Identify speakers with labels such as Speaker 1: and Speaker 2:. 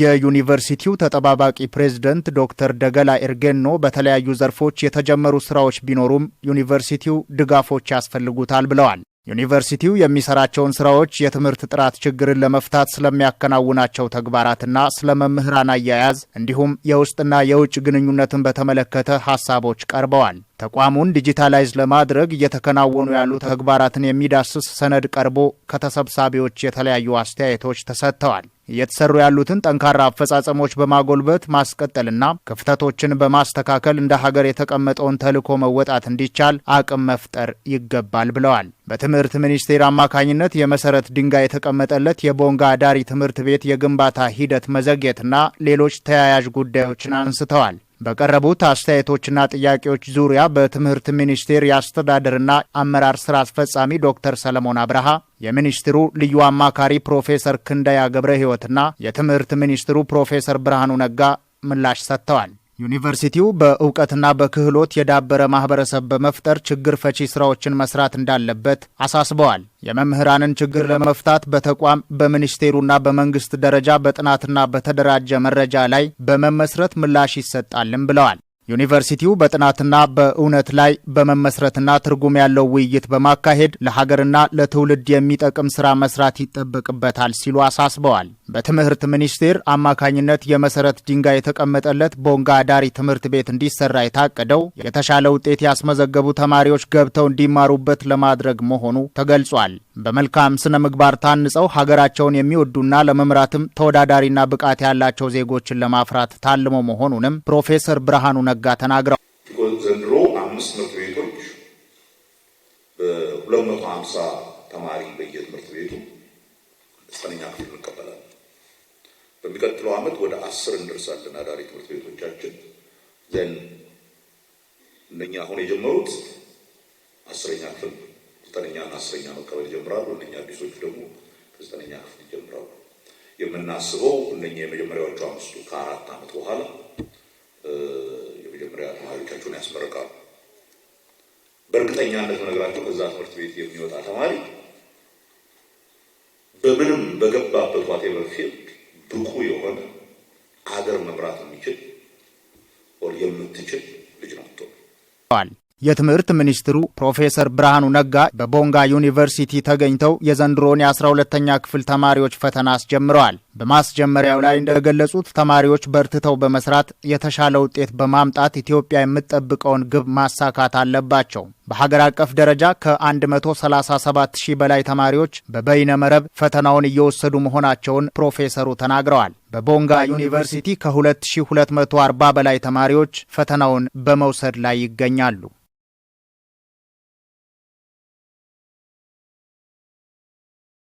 Speaker 1: የዩኒቨርሲቲው ተጠባባቂ ፕሬዝደንት ዶክተር ደገላ ኤርጌኖ በተለያዩ ዘርፎች የተጀመሩ ስራዎች ቢኖሩም ዩኒቨርሲቲው ድጋፎች ያስፈልጉታል ብለዋል። ዩኒቨርሲቲው የሚሰራቸውን ስራዎች የትምህርት ጥራት ችግርን ለመፍታት ስለሚያከናውናቸው ተግባራትና ስለ መምህራን አያያዝ እንዲሁም የውስጥና የውጭ ግንኙነትን በተመለከተ ሀሳቦች ቀርበዋል። ተቋሙን ዲጂታላይዝ ለማድረግ እየተከናወኑ ያሉ ተግባራትን የሚዳስስ ሰነድ ቀርቦ ከተሰብሳቢዎች የተለያዩ አስተያየቶች ተሰጥተዋል። እየተሰሩ ያሉትን ጠንካራ አፈጻጸሞች በማጎልበት ማስቀጠልና ክፍተቶችን በማስተካከል እንደ ሀገር የተቀመጠውን ተልዕኮ መወጣት እንዲቻል አቅም መፍጠር ይገባል ብለዋል። በትምህርት ሚኒስቴር አማካኝነት የመሰረት ድንጋይ የተቀመጠለት የቦንጋ አዳሪ ትምህርት ቤት የግንባታ ሂደት መዘግየትና ሌሎች ተያያዥ ጉዳዮችን አንስተዋል። በቀረቡት አስተያየቶችና ጥያቄዎች ዙሪያ በትምህርት ሚኒስቴር የአስተዳደርና አመራር ስራ አስፈጻሚ ዶክተር ሰለሞን አብርሃ የሚኒስትሩ ልዩ አማካሪ ፕሮፌሰር ክንዳያ ገብረ ሕይወትና የትምህርት ሚኒስትሩ ፕሮፌሰር ብርሃኑ ነጋ ምላሽ ሰጥተዋል። ዩኒቨርሲቲው በእውቀትና በክህሎት የዳበረ ማህበረሰብ በመፍጠር ችግር ፈቺ ስራዎችን መስራት እንዳለበት አሳስበዋል። የመምህራንን ችግር ለመፍታት በተቋም በሚኒስቴሩና በመንግስት ደረጃ በጥናትና በተደራጀ መረጃ ላይ በመመስረት ምላሽ ይሰጣልም ብለዋል። ዩኒቨርሲቲው በጥናትና በእውነት ላይ በመመስረትና ትርጉም ያለው ውይይት በማካሄድ ለሀገርና ለትውልድ የሚጠቅም ስራ መስራት ይጠበቅበታል ሲሉ አሳስበዋል። በትምህርት ሚኒስቴር አማካኝነት የመሰረት ድንጋይ የተቀመጠለት ቦንጋ አዳሪ ትምህርት ቤት እንዲሰራ የታቀደው የተሻለ ውጤት ያስመዘገቡ ተማሪዎች ገብተው እንዲማሩበት ለማድረግ መሆኑ ተገልጿል። በመልካም ስነ ምግባር ታንጸው ሀገራቸውን የሚወዱና ለመምራትም ተወዳዳሪና ብቃት ያላቸው ዜጎችን ለማፍራት ታልሞ መሆኑንም ፕሮፌሰር ብርሃኑ ነጋ ተናግረዋል።
Speaker 2: ዘንድሮ አምስት ትምህርት ቤቶች በሁለት መቶ ሀምሳ ተማሪ በየትምህርት ቤቱ ዘጠነኛ ክፍል እንቀበላለን። በሚቀጥለው ዓመት ወደ አስር እንደርሳለን አዳሪ ትምህርት ቤቶቻችን ዘን እነኛ አሁን የጀመሩት አስረኛ ክፍል ዘጠነኛና አስረኛ መቀበል ይጀምራሉ። እነኛ አዲሶቹ ደግሞ ከዘጠነኛ ክፍል ይጀምራሉ። የምናስበው እነኛ የመጀመሪያዎቹ አምስቱ ከአራት ዓመት በኋላ ያስመርቃሉ። በእርግጠኛነት ነገራቸው ከዛ ትምህርት ቤት የሚወጣ ተማሪ በምንም በገባበት ዋቴቨር ፊልድ ብቁ የሆነ አገር መምራት የሚችል የምትችል ልጅ ናት።
Speaker 1: የትምህርት ሚኒስትሩ ፕሮፌሰር ብርሃኑ ነጋ በቦንጋ ዩኒቨርሲቲ ተገኝተው የዘንድሮን የ12ተኛ ክፍል ተማሪዎች ፈተና አስጀምረዋል። በማስጀመሪያው ላይ እንደገለጹት ተማሪዎች በርትተው በመስራት የተሻለ ውጤት በማምጣት ኢትዮጵያ የምትጠብቀውን ግብ ማሳካት አለባቸው። በሀገር አቀፍ ደረጃ ከ137 ሺህ በላይ ተማሪዎች በበይነ መረብ ፈተናውን እየወሰዱ መሆናቸውን ፕሮፌሰሩ ተናግረዋል። በቦንጋ ዩኒቨርሲቲ ከ2240 በላይ ተማሪዎች ፈተናውን በመውሰድ ላይ ይገኛሉ።